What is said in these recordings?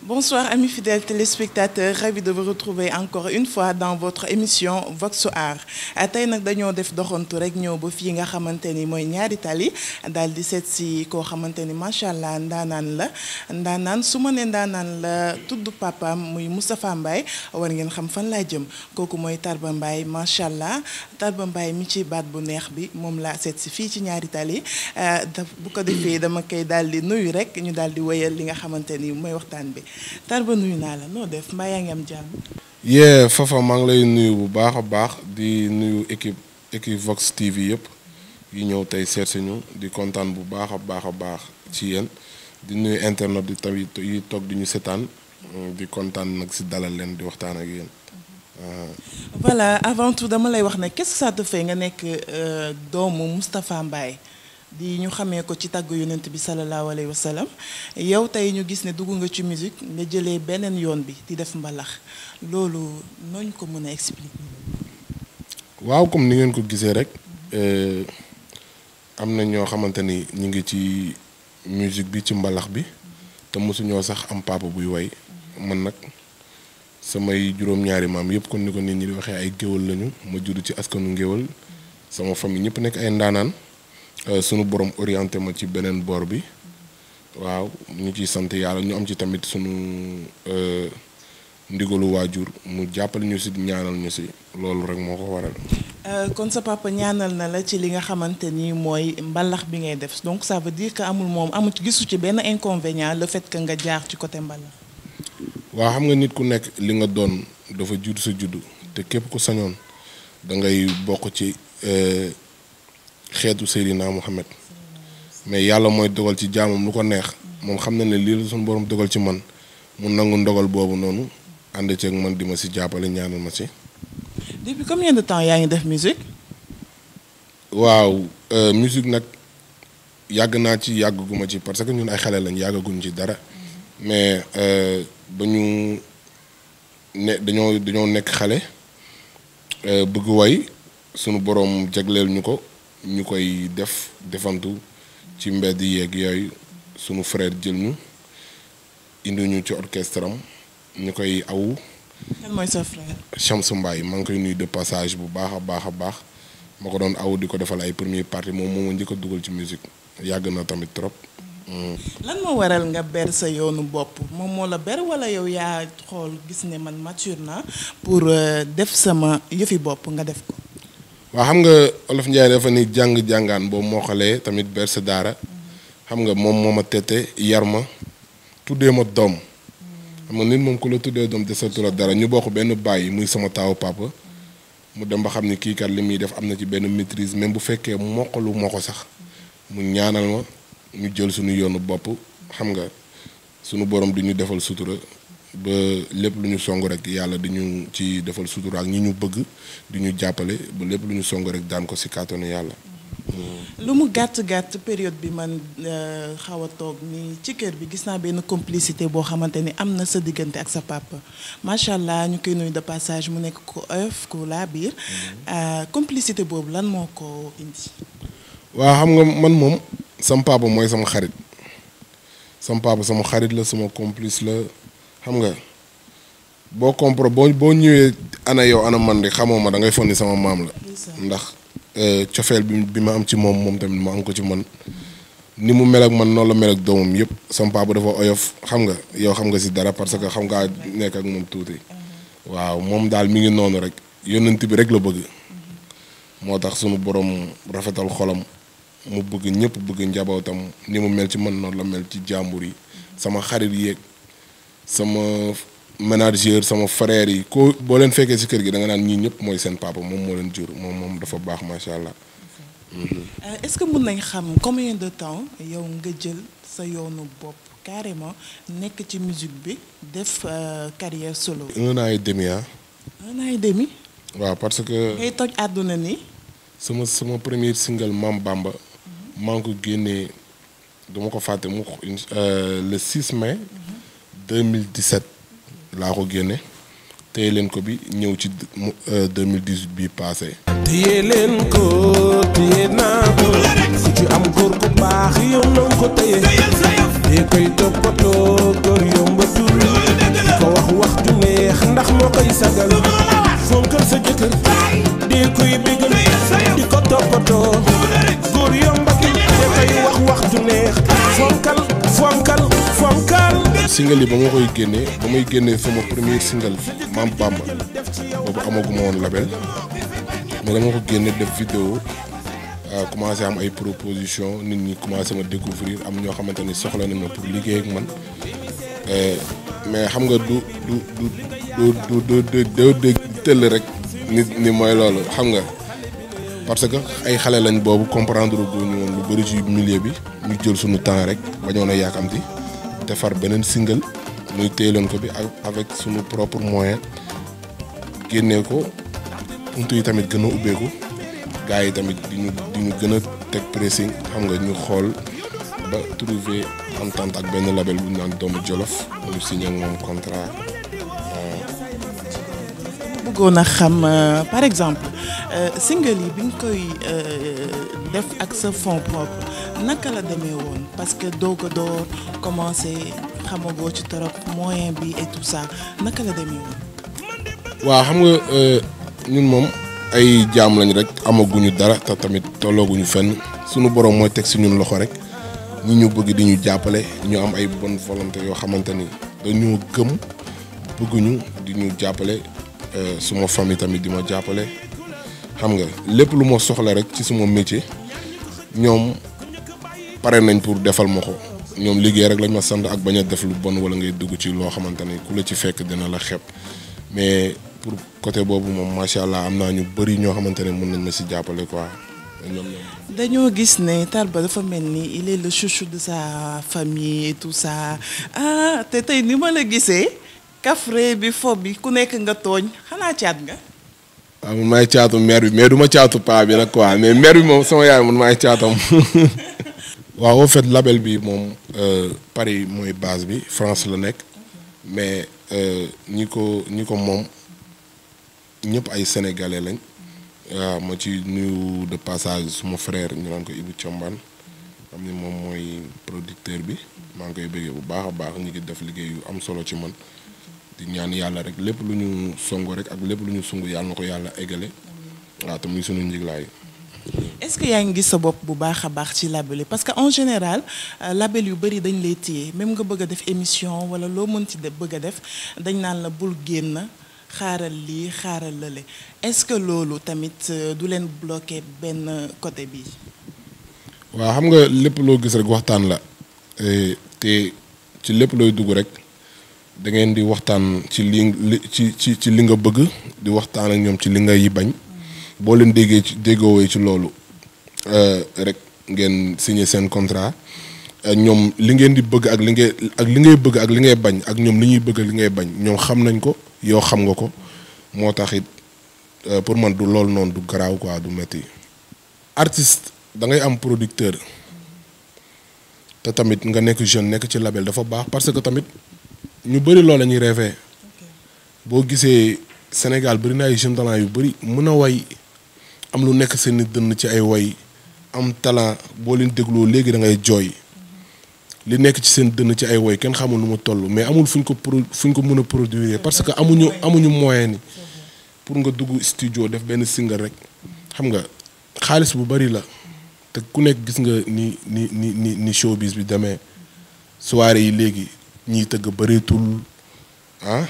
Bonsoir amis fidèles téléspectateurs ravi de vous retrouver encore une fois dans votre émission Voxu Art tey nag dañoo def doxantu rek ñëw ba fii nga xamante ni mooy ñaari tali daal di seet si koo xamante ni macha allah ndaanaan la ndaanaan su ma ne ndaanaan la tudd papaam muy Moustapha mbaay war ngeen xam fan laa jëm kooku mooy Tarba Mbaye macha allah Tarba Mbaye mi ci baat bu neex bi moom laa seet si fii ci ñaari tali euh, bu ko defee dama kay daal di nuyu rek ñu daal di wéyal li nga xamante ni mooy waxtaan bi. Tarba nuyu naa la noo def mbaa yaa ngi am jàmm. yee Fafa lay nuyu bu baax a baax di nuyu équipe Equivox TV yëpp yi ñëw tey seet si ñu di kontaan bu baax a baax a baax ci yéen di nuyu internet di tamit yi toog di ñu seetaan di kontaan nag si dalal leen di waxtaan ak yéen. voilà avant tout dama lay wax ne qu'est-ce que nga nekk euh, doomu Moustapha Mbaye. di ñu xamee ko ci tàgg yonent bi salallaahu alayhi wa sallam yow tey ñu gis ne dugg nga ci musique nga jëlee beneen yoon bi di def mbalax loolu nooñ ko mën a expliquer. waaw comme ni ngeen ko gisee rek eh, am na ñoo xamante ni ñu ngi ci musique bi ci mbalax bi te mosuñoo sax am papa buy way man nag samay juróom-ñaari maam yëpp kon ni ko nit ñi di waxee ay géwal lañu ma juddu ci askanu ngéwal sama famille ñëpp nekk ay ndaanaan. Euh, sunu borom orienté ma ci beneen boor bi waaw ñu ciy sant yàlla ñu am ci tamit sunu euh, ndigalu waajur mu jàppale ñu si ñaanal ñu si loolu rek moo ko waral. Euh, kon sa papa ñaanal na la ci li nga xamante ni mooy mbalax bi ngay def donc ça veut dire que amul moom amul gisu ci benn inconvénient le fait que nga jaar ci côté mbalax. waa xam nga nit ku nekk li nga doon dafa judd sa juddu te képp ku sañoon da ngay bokk ci. xeetu Seydina Muhammad mais yàlla mooy dogal ci jaamam lu ko neex moom xam na ne lii la suñu borom dogal ci man mu nangu ndogal boobu noonu ànd ceeg man di ma si jàppale ñaanal ma si. temps yaa ngi def musique. waaw euh, musique nag yàgg naa ci yàgguma ci parce que ñun ay xale lañ yàggaguñ ci dara mais euh, ba ñu ne dañoo dañoo nekk xale euh, bëgg way sunu borom jagleel ñu ko. ñu koy def defantu ci mbedd yeeg yooyu sunu frère jël ñu indi ñu ci orchestre am ñu koy awu. kan mooy sa frère. Chamsou Mbaye de passage bu baax a baax a baax ma ko doon awu di ko defal ay première partie moom moo ma njëkk dugal ci musique yàgg na tamit trop. Mm. lan moo waral nga ber sa yoonu bopp moom moo la ber wala yow yaa xool gis ne man mature na pour euh, def sama yëfi bopp nga def ko. waa xam nga olof Njaay dafa ni jàng jàngaan boo moo xalee tamit berse daara xam nga moom moo ma tete yar ma tuddee ma doom xam nga nit moom ku la tuddee doom desatu la dara ñu bokk benn bàyyi muy sama taawu papa mu dem ba xam ni kii kat li muy def am na ci benn maîtrise même bu fekkee moqalu moo ko sax mu ñaanal ma ñu jël suñu yoonu bopp xam nga suñu borom du ñu defal sutura ba lépp lu ñu song rek yàlla di ñu ci defal sutura ak ñi ñu bëgg di ñu jàppale ba lépp lu ñu song rek daan ko si kàttanu yàlla. Mm-hmm. lu mu gàtt gàtt période bi man euh, xaw a toog ni ci kër bi gis naa benn complicité boo xamante ni am na sa diggante ak sa papa macha allah ñu koy nuyu de mu nekk ko oyof ko laa biir mm-hmm. euh, complicité boobu lan moo ko indi. waaw xam nga man moom sam mooy sama xarit sam sama xarit la sama complice la. xam nga boo compro boo boo ñëwee ana yow ana man de xamoo ma dangay ngay ni sama maam la. ndax eh, cofeel bi bi ma am ci moom moom tamit ma am ko ci man. ni mu mel ak man noonu la mel ak doomam yëpp sama papa oyof xam nga yow xam si dara parce que xam ngaa nekk ak moom tuuti. Uh-huh. waaw moom daal mi ngi noonu rek yónnent bi rek la bëgg. Uh-huh. moo tax suma borom rafetal xolam mu bugg ñëpp bëgg njabootam ni mu mel ci man noonu la mel ci jàmbur yi uh-huh. sama xarit yéeg sama manager sama frère yi ko boo leen fekkee si kër gi da nga naan ñii ñëpp mooy seen papa moom moo leen jur moom moom dafa baax macha allah. Euh, est-ce que mën nañ xam combien de temps yow nga jël sa yoonu bopp carrément nekk ci musique bi def euh, carrière solo. un an demi ah. un an demi. waaw parce que. ngay toj àdduna ni. sama sama premier single Mam Bamba. Mhm. maa ko génnee duma ko fàtte mu euh, le 6 mai. Mhm. 2017 laa ko génne téye leen ko bi ñëw ci 2018 euh, bi passé. téye leen ko téye naa ko ku ci am góor bu baax yow na ko téye. téye koy toppatoo. single yi ba ma koy génnee ba may génnee sama premier single Maam Bamba boobu amaguma woon label mais dama ko génne def vidéo euh, commencé am ay proposition nit ñi commencé ma découvrir am ñoo xamante ni soxla nañ ma pour liggéey ak man mais xam nga du du du du du du tëll rek nit ni mooy loolu xam nga parce que ay xale lañ boobu comprendre guñu woon lu bëri ci milieu bi ñu jël suñu temps rek bañoon a yàkkamti defar beneen single muy téyeloon ko bi avec suñu propre moyen génnee ko buntu yi tamit gën a ubbeeku gars yi tamit di ñu di a teg pressing xam nga ñu xool ba trouver entente ak benn label bu ñu naan doomu Jolof ñu signé ak moom contrat. Euh, bëggoon a xam euh, par exemple euh, single yi bi nga koy def ak sa fond propre. naka la demee woon parce que doo ko doo commencé xamagoo ci torop moyen bi et tout ça naka la demee woon. waaw xam nga euh, ñun moom ay jaam lañ rek amaguñu dara te tamit tollooguñu fenn sunu borom mooy teg si ñun loxo rek ñu ñu bëgg di ñu jàppale ñoo am ay bonne volonté yoo xamante ni dañoo gëm bëgguñu di ñu jàppale euh, suma famille tamit di ma jàppale xam nga lépp lu ma soxla rek ci suma métier ñoom. pare nañ pour defal ma ko ñoom liggéey rek lañ ma sant ak bañ a def lu bon wala ngay dugg ci loo xamante ni ku la ci fekk dina la xeeb mais pour côté boobu moom macha allah am naa ñu bëri ñoo xamante ne mën nañ ma si jàppale quoi. dañoo gis ne Tarba dafa mel ni il est le chouchou de sa famille et tout ça ah te tey ni ma la gisee kafre bi fo bi ku nekk nga tooñ xanaa caat nga. waaw ah, man maay caatu mère bi mais du ma caatu paa bi nag quoi mais mère bi moom sama yaay man maay caatam. waaw en fait label bi moom euh, Paris mooy base bi France la nekk mais euh, ñi ko ñi ko moom ñëpp ay sénégalais lañ waaw ma ci nuyu de passage suma frère ñu naan ko Ibou Thiamban xam ni moom mooy producteur bi maa ngi koy bëggee bu baax a baax ñu ngi def liggéey yu am solo ci man di ñaan yàlla rek lépp lu ñu songu rek ak lépp lu ñu sungu yàlla na ko yàlla eggale waaw te muy sunu njiglaay est que yaa ngi gis sa bopp bu baax a baax ci label yi parce que en général euh, label yu bëri dañ lay téye même nga bëgg a def émission wala loo mën ci bëgg def dañ naan la bul génn xaaral lii xaaral lale est-ce que loolu tamit euh, du leen bloqué benn côté bi waa xam nga lépp loo gis rek waxtaan la te ci lépp looy dugg rek da ngeen di waxtaan ci li ci ci li nga bëgg di waxtaan ak ñoom ci li ngay bañ mm. boo leen déggee ci déggoowee ci loolu Euh, rek ngeen signé seen contrat euh, ñoom li ngeen di bëgg ak li ngay ak li ngay bëgg ak li ngay bañ ak ñoom li ñuy bëgg li ngay bañ ñoom xam nañ ko yow xam nga ko moo tax it euh, pour man du loolu noonu du garaaw quoi du métti artiste da ngay am producteur te tamit nga nekk jeune nekk ci label dafa baax parce que tamit ñu bëri lool la ñuy rêvé boo gisee Sénégal bëri na ay jeunes talent yu bëri mën a way am lu nekk seen i dënn ci ay way am talent boo leen dégloo léegi da ngay jooy li nekk ci seen dënn ci ay woy kenn xamul nu ma toll mais amul fu ñu ko pro fu ko mën a produire parce que amuñu amuñu moyen ni pour nga dugg studio def benn single rek xam nga xaalis bu bari la te ku nekk gis nga ni ni ni ni ni showbiz bi demee soirée yi léegi ñiy tëgg bëreetul ah.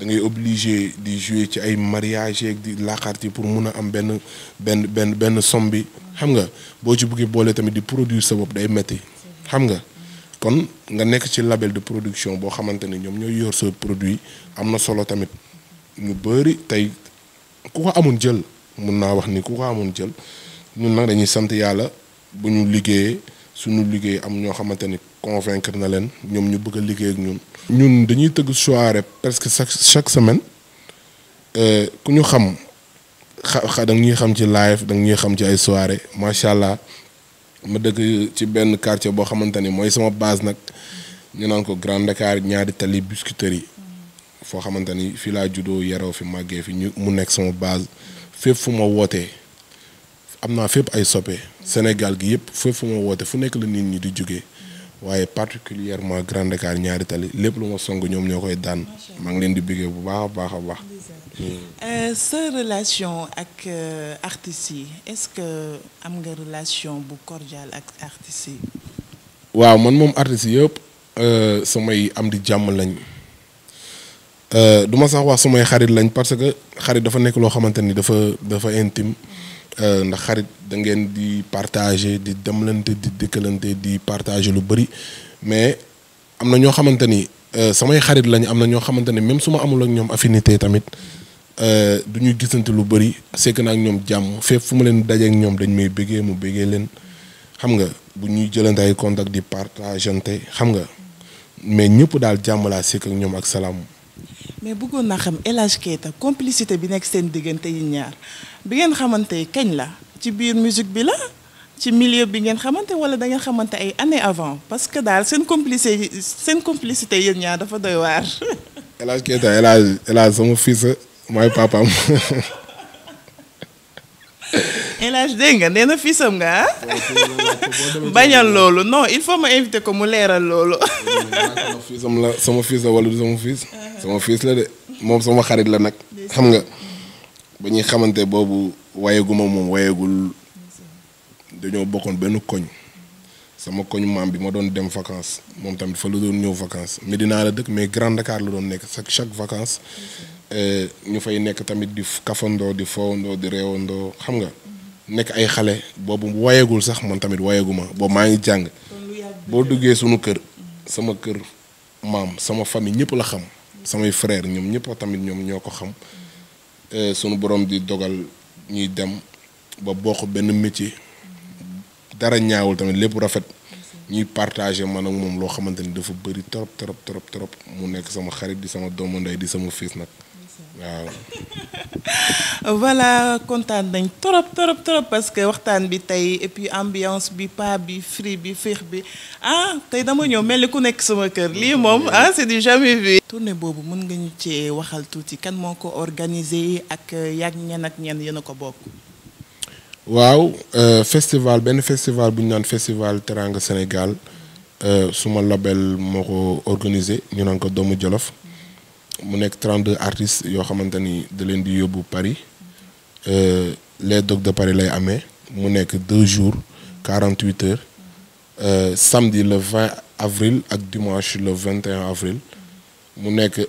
da ngay obligé di jouer ci ay mariage yeeg di laaxaarti pour mun a am benn benn benn benn somme bi xam nga boo ci buggee boolee tamit di produire sa bopp day metti xam nga kon nga nekk ci label de production boo xamante ne ñoom ñooy yor sa produit am na solo tamit ñu bëri tey ku ko amoon jël mun naa wax ni ku ko amoon jël ñun nag dañuy sant yàlla bu ñu liggéeyee suñu liggéey am ñoo xamante ni convaincre na leen ñoom ñu bëgg a liggéey ak ñun. ñun dañuy tëgg soirée presque chaque chaque semaine euh, ku ñu xam xa da ñuy xam ci live da ñuy xam ci ay soirée macha allah ma dëkk ci benn quartier boo xamante ni mooy sama base nag ñu naan ko Grand Dakar ñaari tali Biscuiterie yi foo xamante ni fii laa juddoo yaroo fi màggee fi ñu mu nekk sama base fépp fu ma wootee am naa fépp ay soppe Sénégal gi yëpp fépp fu ma woote fu nekk la nit ñi di jógee. waaye particulièrement grande Dakar ñaari tali lépp lu ma song ñoom ñoo koy daan maa ngi leen di bëggee bu baax a baax a baax. Euh, relation ak euh, artistes est-ce que am nga relation bu cordiale ak artistes yi. waaw man moom artistes yëpp euh, samay am di jàmm lañ du ma sax wax samay xarit lañ parce que xarit dafa nekk loo xamante ni dafa dafa intime. Mm-hmm. Euh, ndax xarit da ngeen di partager di demlante di dëkkalante di partage lu bëri mais am na ñoo xamante ni euh, samay xarit lañ am na ñoo xamante ni même su ma amul ak ñoom affinité tamit euh, du ñuy gisante lu bëri sekk na ak ñoom jàmm fépp fu ma leen dajeek ñoom dañ may bëggee mu bëggee leen xam nga bu ñuy jëlante ay contact di partagante xam nga mais ñëpp daal jàmm laa sekk ak ñoom ak salaam. mais bëggoon naa xam El Hadj complicité bi nekk seen diggante yi ñaar bi ngeen xamante kañ la ci biir musique bi la ci millier bi ngeen xamante wala da ngeen xamante ay années avant parce que daal seen complicité seen complicité yéen ñaar dafa doy waar. El Hadj Keita El Hadj El Hadj sama fils El dégg nga nee na fiisam nga ah. bañal loolu non il faut ma invité ko mu leeral loolu. sama fiis la wala fiis. sama fiis la de moom sama xarit la nag. xam nga ba ñuy xamante boobu wayaguma moom wayagul dañoo bokkoon benn koñ. sama koñ maam bi ma doon dem vacance moom tamit fa lu doon ñëw vacance Medina la dëkk mais grande Dakar la doon nekk chaque chaque vacance euh, ñu fay nekk tamit di kafandoo di foowandoo di reewandoo xam nga. nekk ay xale boobu wayagul sax man tamit wayaguma boobu maa ngi jàng boo duggee sunu kër sama kër maam sama famille ñëpp la xam samay frère ñoom ñëpp tamit ñoom ñoo ko xam euh, sunu borom di dogal ñuy dem ba bokk benn métier dara ñaawul tamit lépp rafet ñuy partage ma ak moom loo xamante ni dafa bëri trop trop trop mu nekk sama xarit di sama doomu ndey di sama fiis nag waaw. voilà kontaan nañ trop trop trop parce que waxtaan bi tey et puis ambiance bi pas bi fri bi féex bi ah tey dama ñëw mel ni ku nekk sama kër lii moom ah c'est du jamais vu. tournée boobu mën nga ñu cee waxal tuuti kan moo ko organisé ak yàgg ñen ak ñeen yéen a ko bokk. waaw euh, festival benn festival bu ñu naan festival Teranga Sénégal euh, suma label moo ko organisé ñu naan ko Doomu Jolof. mu nekk 32 artistes yoo xamante ni da leen di yóbbu Paris euh, les Dogs de Paris lay amee mu nekk deux jours 48 heures euh, samedi le 20 avril ak dimanche le 21 avril mu nekk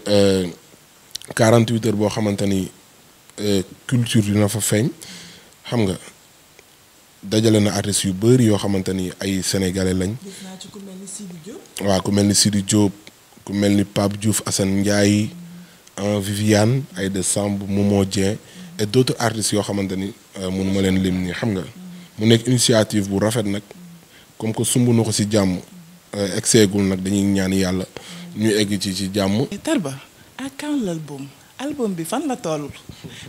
48 euh, heures boo xamante ni culture dina fa feeñ xam nga dajale na artistes yu bëri yoo xamante ni ay sénégalais lañ. waaw ku mel ni Sidi Diop. ku mel ni Pape Diouf Assane Ndiaye. Euh, Viviane Aïda Samb Momo Dieng et d' autres artistes yoo xamante ni euh, mun ma leen lim nii xam nga mu nekk initiative bu rafet nag comme que sumb na ko si jàmm euh, egseegul nag dañuy ñaan yàlla ñu egg ci ci jàmm. Tarba à album bi fan la toll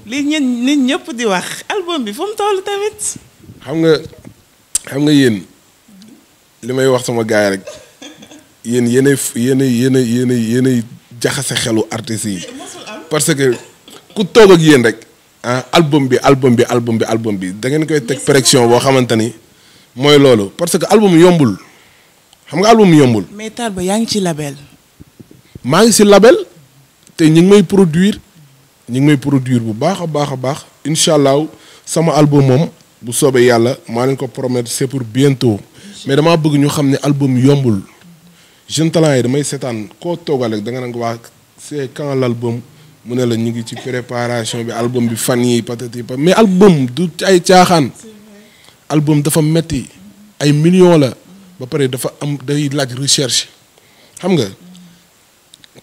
li ñen nit ñëpp di wax album bi fu toll tamit. xam nga xam nga yéen li may wax sama gaay rek yéen yéenay yéenay yéenay yéenay. jaxase xelu artistes yi parce que ku toog ak yéen rek ah album bi album bi album bi album bi da ngeen koy teg pression boo xamante ni mooy loolu parce que album yombul xam nga album yombul. mais Tarba yaa ngi ci label. maa ngi si label te ñu ngi may produire ñu ngi may produire bu baax a baax a baax incha allah sama album moom bu soobee yàlla maa leen ko promettre c'est pour bientôt mais damaa bëgg ñu xam ne album yombul. jeune talent yi damay seetaan koo toogal rek da nga naan waa c'est quand l'album mu ne la ñu ngi ci préparation bi album bi fan yi patati pa mais album du ay caaxaan album dafa metti ay millions la ba pare dafa am day laaj recherche xam nga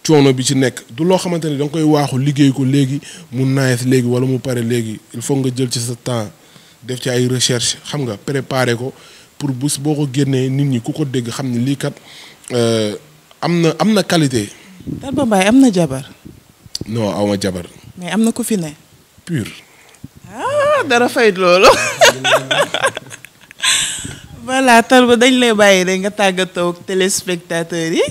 coono bi ci nekk du loo xamante ne da nga koy waaxu liggéey ko léegi mu naayes léegi wala mu pare léegi il faut nga jël ci sa temps def ci ay recherche xam nga préparer ko pour bés boo ko génnee nit ñi ku ko dégg xam ni lii kat Euh, am na am na qualité. ba Mbaye am na jabar. non aw ma am na ku fi ne. pur. ah dara fay loolu. voilà Tarba dañ lay bàyyi rek nga tàggatoo ak téléspectateurs yi.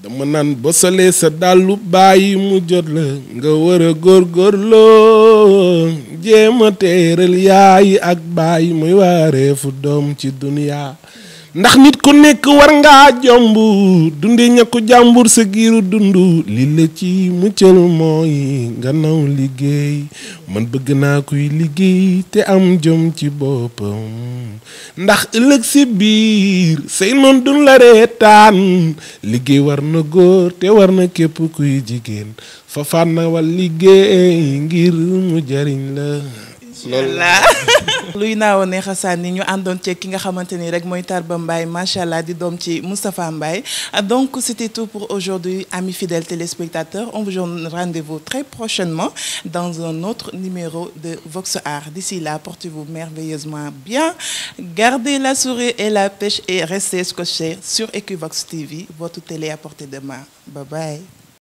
dama naan ba solee sa dàllu bàyyi mu jot la nga war a góorgóorloo jéem a téeral yaay ak bàyyi muy waareefu doom ci duniyaa ndax nit ku nekk war ngaa jomb dundi ñakku jàmbur sa giiru dund li la ci muccal mooy nga naw liggéey man bëgg naa kuy liggéey te am jom ci boppam ndax ëllëg si biir say noon dun la reetaan liggéey war na góor te war na képp kuy jigéen fa fànn wal liggéey ngir mu jariñ la inchaallah luy naaw a neex a sànni ñu àndoon ceeg ki nga xamante ni rek mooy Tarba Mbaye macha allah di doom ci Moustapha Mbaye donc c'était tout pour aujourd'hui amis fidèles téléspectateurs on vous donne rendez-vous très prochainement dans un autre numéro de Vox Art d'ici là portez-vous merveilleusement bien gardez la souris et la pêche et restez scotchés sur Equivox TV votre télé à portée de main bye bye